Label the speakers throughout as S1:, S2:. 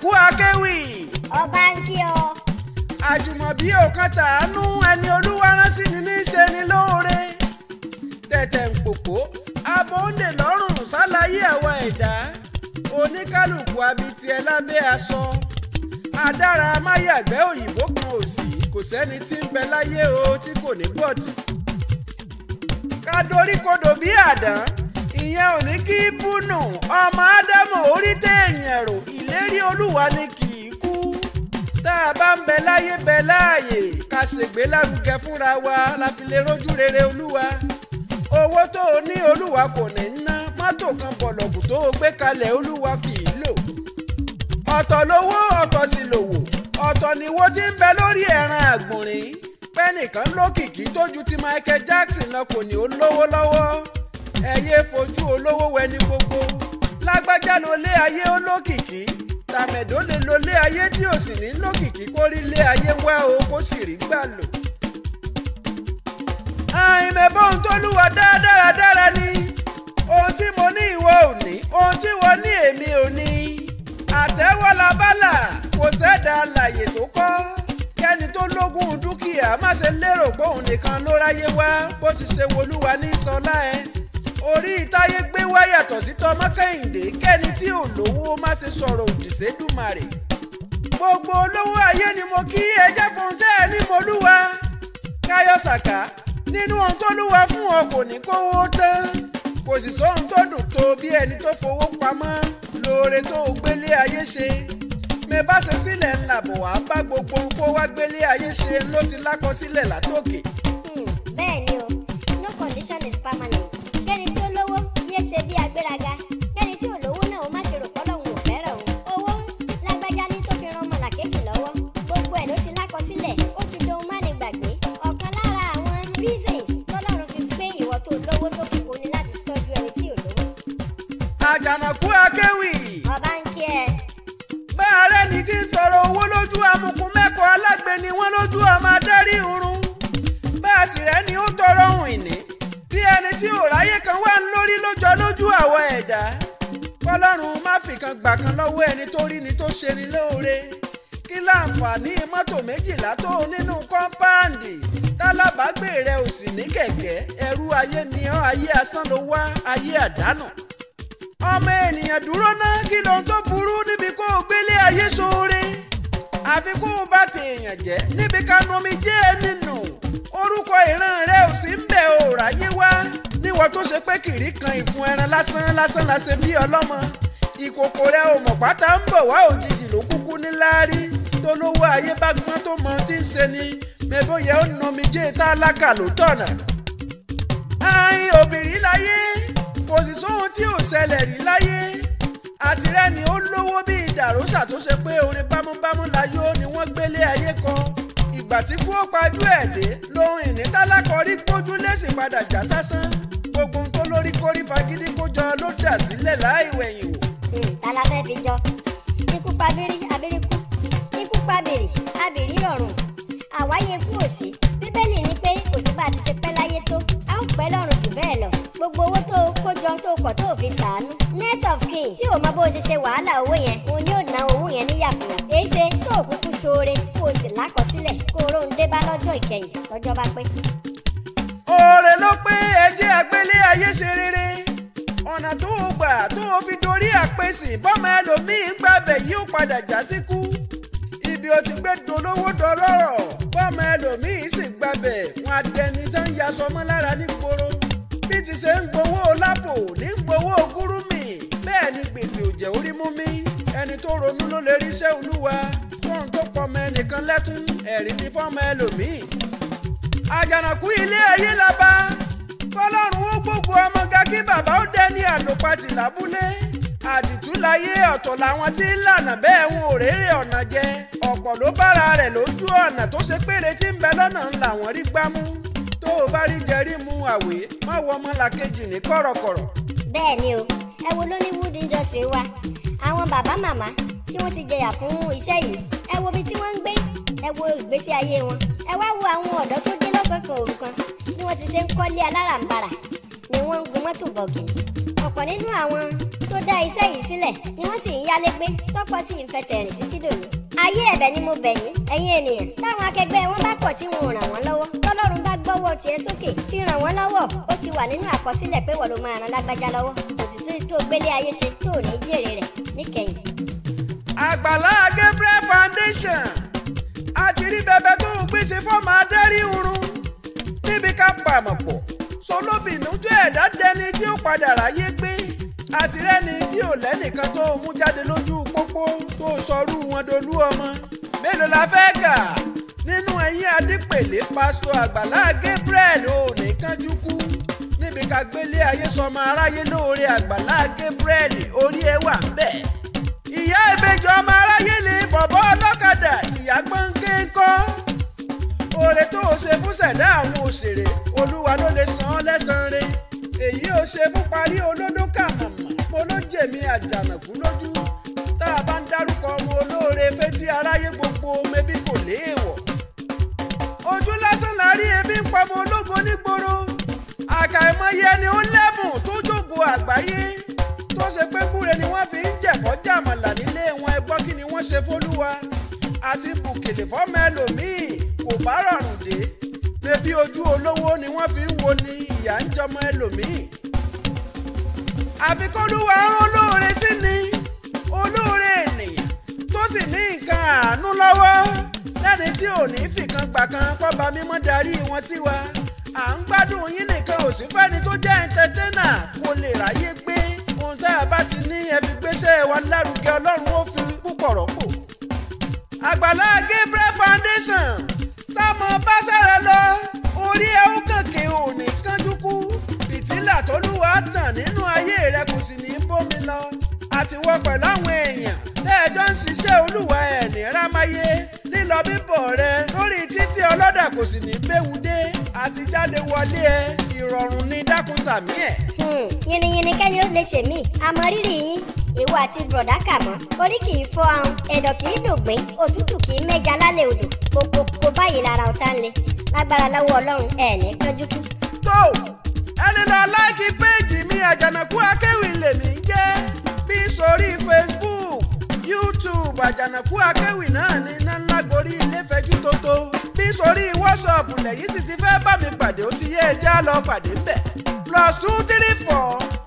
S1: ku akewi? ọba ń kí ọ. àjùmọ̀bí òkan tàánú ẹni olúwa rán sí ni níṣe ni lóore. tẹ̀tẹ̀ ń pòpò abóńdè lọ́rùn ṣàlàyé àwa ẹ̀dá oníkálukú abitiẹ lábẹ́ aṣọ adára amáyàgbẹ́ òyìnbó kan ò sí kò sẹ́ni tí ń bẹ láyé o tí kò ní gbọ́tì. ká doríkodò bí àdán ìyẹn ò ní kí búnù ọmọ ádámù orí tẹ́ olúwa ni kì í kú tá a bá ń bẹ láyé bẹ láàyè ká ṣègbè lárugẹ fúnra wa la fi lè rójú rere olúwa owó tó o ní olúwa kò ní ná mọ́tò kan bọ̀lọ̀kù tó o gbé kalẹ̀ olúwa kì í lò ọ̀tọ̀ lówó ọ̀tọ̀ sì lòwò ọ̀tọ̀ nìwo tí ń bẹ lórí ẹ̀ràn àgbọ̀nrín pẹ́nìkan lókìkí tójú ti Michael Jackson náà kò ní ó lówó lọ́wọ́ ẹ yéé fojú olówó wẹni gbogbo lágbájá ló lé ayé olókìkí tàmẹ̀dó lè lo lé ayé tí ò sì ní lókìkí kó rí lé ayé wá o kó sì rí gbà lò. àìmẹ̀bọ̀ ohun tó lúwa dáradára ni ohun tí mo ní ìwọ ò ní ohun tí wọ́n ní èmi ò ní àtẹ́wọ́ la bálà kò sẹ́dá alàyè tó kọ́ kẹ́ni tó lógún dúkìá má ṣe lérò pé òun nìkan ló ráyé wá bó ti ṣe wolúwa ní sọlá ẹ̀ orí ìtayé gbé wá yàtọ̀ sí tọmọ kẹ́hìndé kẹ́ni tí ò lówó má ṣe sọ̀rọ̀ òdì sédùmarè gbogbo olówó ayé ni mo kí ẹjẹ́ fún tẹ́ ẹ ní molúwa káyọ̀ sàká nínú ohun tó lúwa fún ọ kò ní kówó tán kò sì sóhun tó dùn tó bí ẹni tó fowó pamọ́ lóore tó o gbélé ayé ṣe mẹ́bàá ṣe sílẹ̀ ńlá bọ̀ wá bá gbogbo ohun kó wá gbélé ayé ṣe ló ti lákọsílẹ̀ látòkè. ayé kan wà lórí lójọ lójú àwa ẹ̀dá kọlọ́run má fìkan gbà kan lọ́wọ́ ẹni tó rí ni tó ṣe ni lóore kí láǹfààní mọ́tò méjìlá tó nínú kọ́ńpáàndì rẹ ò sì ni ọ́ ayé asán ló wá ayé àdánù ọmọ ènìyàn dúró náà kí tó burú níbi kó o gbélé ayé sóore bá tèèyàn níbi kanu omi ẹ nínú orúkọ ìran rẹ ò ń òòrà yé níwọ tó ṣe pé kìrì kan ìfun ẹran lásán lásán la ṣe bí ọlọ́mọ ìkòkò rẹ ò mọ̀ pátá ń bọ̀ wá òjijì ló kúkú ní láárí tó lówó ayé bá gbọ́n tó mọ tí ń ṣe ni mẹ́bóyẹ ó nu omijé e tálákà ló tọ̀nà. ayin obìnrin láyé kò sì sóhun tí ò ṣẹlẹ̀ rí láyé àtìrẹ́ ni ó lówó bíi dàrósà tó ṣe pé orin bámúbámú la yó ni wọ́n gbélé ayé kan ìgbà tí kú ó pajú ẹ̀ dé lohun ìní tálákọrí kójú lẹ́sìn padà já sásán gbogbo tó lórí kórí fagídí kó ló dà sílẹ̀ láì wẹ̀yìn wò. ta fẹ́ fi jọ
S2: ikú pa abiri abiri kú ikú pa abiri abiri rọrùn àwáyé kú òsì bíbélì ní pé òsì bá ti ṣe pẹ́ láyé tó a ó pẹ́ lọ́rùn jù bẹ́ẹ̀ lọ gbogbo owó tó kó jọ tó kọ̀ tó fi sàánú. next of kin tí o mọ bó o ṣe ṣe wàhálà owó yẹn òun yóò ná owó yẹn níyàkúyà èyí ṣe tó kúkú ṣoore kó o sì lákọ̀ọ́ gbá lọ́jọ́ ìkẹyìn tọ́jọ́ bá pé.
S1: oore ló pé ẹjẹ́ àgbélé ayé ṣe rere ọ̀nà tó o gbà tó o fi dorí àpèsìn bọ́mọ ẹlòmíín gbàbẹ̀ yìí ó padà já síkú ibi o ti gbé dolówó dọlọ́rọ̀ bọ́mọ ẹlòmíín sì gbàbẹ̀ wọn adẹni tó ń ya mọ́ lára nígboro bí ti ṣe ń gbowó lápò ní gbowó gúrúmì bẹ́ẹ̀ ni gbèsè òjẹ̀ orí mú mi ẹni tó ronú ló lè ríṣẹ́ olúwa fọmọ ẹnìkan lẹ́kún ẹ̀rín ti fọmọ ẹlòmíì. àjànàkú ilé ayé la bá fọlọ́run ó gbogbo ọmọ ga kí bàbá ó dẹni àlòpatì lábúlé àdìtú láyé ọ̀tọ̀ làwọn tí ń lànà bẹ́ẹ̀ ń òréré ọ̀nà jẹ ọ̀pọ̀ ló bára rẹ̀ lójú ọ̀nà tó ṣe péré tí ń bẹ lọ́nà ńlá wọn rí gbámú tó o bá rí jẹrí mu àwé má wọ ọmọ làkejì ní kọ̀rọ̀kọ̀rọ̀. bẹ́ẹ̀ ni o ẹ wo Nollywood industry wa àwọn bàbá màmá tí
S2: wọ́n ti jẹyà fún iṣẹ́ yìí ẹ wo ibi tí wọ́n ń gbé ẹ wo ìgbésí ayé wọn ẹ wá wo àwọn ọ̀dọ́ tó dé lọ́sàn-án bí wọ́n ti ṣe ń kọ́lé alárànbarà ni wọ́n ń gun mọ́tò bọ̀gìnì ọ̀pọ̀ nínú àwọn tó dá iṣẹ́ yìí sílẹ̀ ni wọ́n sì ń yálégbé tọ́pọ̀ sì ń rìn títí dòní. ayé ẹ̀bẹ̀ ni mo bẹ̀ ẹ̀yin ènìyàn táwọn akẹgbẹ́ wọn bá pọ̀ tí wọn ràn wọ́n lọ́wọ́ tọ́lọ́run bá gbọ́wọ́ tiẹ̀ sókè fi ràn wọ́n lọ́wọ́ ó ti wà nínú àkọsílẹ̀ pé wọ́n ló máa ràn lágbájá lọ́wọ́ kò sì sí tó gbélé ayé ṣe tó ò ní jèrè rẹ̀ níkẹyìn
S1: Àgbàlá Gabriel Foundation àtìrí bẹbẹ tó ń gbé ṣe fọ́ọ̀mù adẹ́rìhunrun níbi ká pàmò pọ̀ solóbìnújọ ẹ̀dá dẹni tí ó padà ráyé gbé àtìrẹ́ni tí ò lẹ́nìkan tó mú jáde lójú pópó tó sọrú wọn dolú ọmọ mélòó la fẹ́ kà nínú ẹ̀yìn adípèlé pásítọ̀ Àgbàlá Gabriel ò ní kánjú kú níbi ká gbélé ayé sọmọ aráyé lóore Àgbàlá Gabriel orí ẹ wà ń bẹ̀. ó ṣe fún ṣẹ̀dá àwọn òṣèré olúwa ló lè san án lẹ́sàn-án rẹ̀ èyí ó ṣe fún parí olódó kàmàmà mo ló jèmi àjànàkú lójú tá a bá ń dárúkọ ọmọ olóore fétí aráyé gbogbo mebí kò léèwọ̀ ojú lásán la rí ebi ń pamọ́ ológo nígboro àkàìmọye ni ó lẹ́bùn tó jògo àgbáyé tó ṣe pé kúre ni wọ́n fi ń jẹ̀fọ́ jàmàlà nílé wọn ẹgbọ́n kí ni wọ́n ṣe fólúwa àti bùkìlì fọ́mọ bá rọrùn dé ojú olówó ni wọ́n fi ń wo ni ìyá ń jọmọ ẹlòmíì. àfikúnlúwa olóore sí ni olóore ènìyàn tó sì ní nǹkan àánú lọ́wọ́ lẹ́ni tí ò ní fìkan kan mímọ́ darí wọn sí wa à ń gbádùn yín nìkan fẹ́ni tó jẹ́ ẹ̀ńtẹ́tẹ́nà lè pé ohun tá a bá ti Foundation táwọn bá sára lọ orí ẹ ó òní kánjú kú fìtílà tàn nínú ayé rẹ kò sì ní bómi lọ àtiwọ pẹ̀lú àwọn èèyàn lẹ́ẹ̀jọ́ ń ṣiṣẹ́ olúwa ẹ̀ rámáyé lílọ bíbọ̀ rẹ lórí títí ọlọ́dà kò sì ní béwu dé àti jáde wọlé ẹ ìrọ̀rùn ni dákun sàmí ẹ̀. Hmm,
S2: yìnyín yìnyín kẹ́ni ó lè ṣèmí àmọ́ rírì yín ìwọ àti bùrọ̀dá kà mọ́ orí kì í fọ́ ahun ẹ̀dọ̀ kì í dògbín òtútù kì í mẹ́ja lálẹ́ odò kókókó báyìí lára ọ̀tá ń le
S1: lágbára lọ́wọ́ ọlọ́run ẹ̀ ní kánjú kú. tó ẹni lọ láìkí péjì mi àjànàkú akéwì lèmi ń jẹ́ bí sórí facebook youtube àjànàkú akéwì náà ní nánlágorí ilé fẹjú tótó bí sórí whatsapp lẹ́yìn sì ti fẹ́ bá mi pàdé ó ti yé ẹja lọ pàdé ń plus two three four.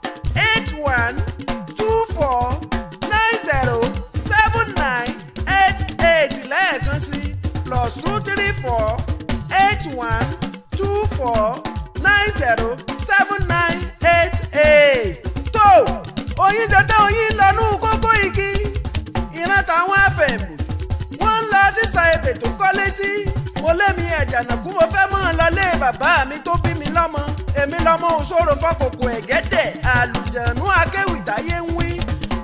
S1: mo lémi àjànàkú mo fẹ́ mọ̀ lọlé bàbá mi tó bí mi lọ́mọ èmi lọ́mọ òṣòro fọkòkò ẹ̀gẹ́dẹ̀ àlùjànú akéwì táyé ń wí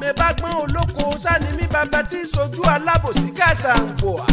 S1: mi bá gbọ́n olóko sani mi bàbá tí sojú alábòsí kàṣà ń bọ̀ á.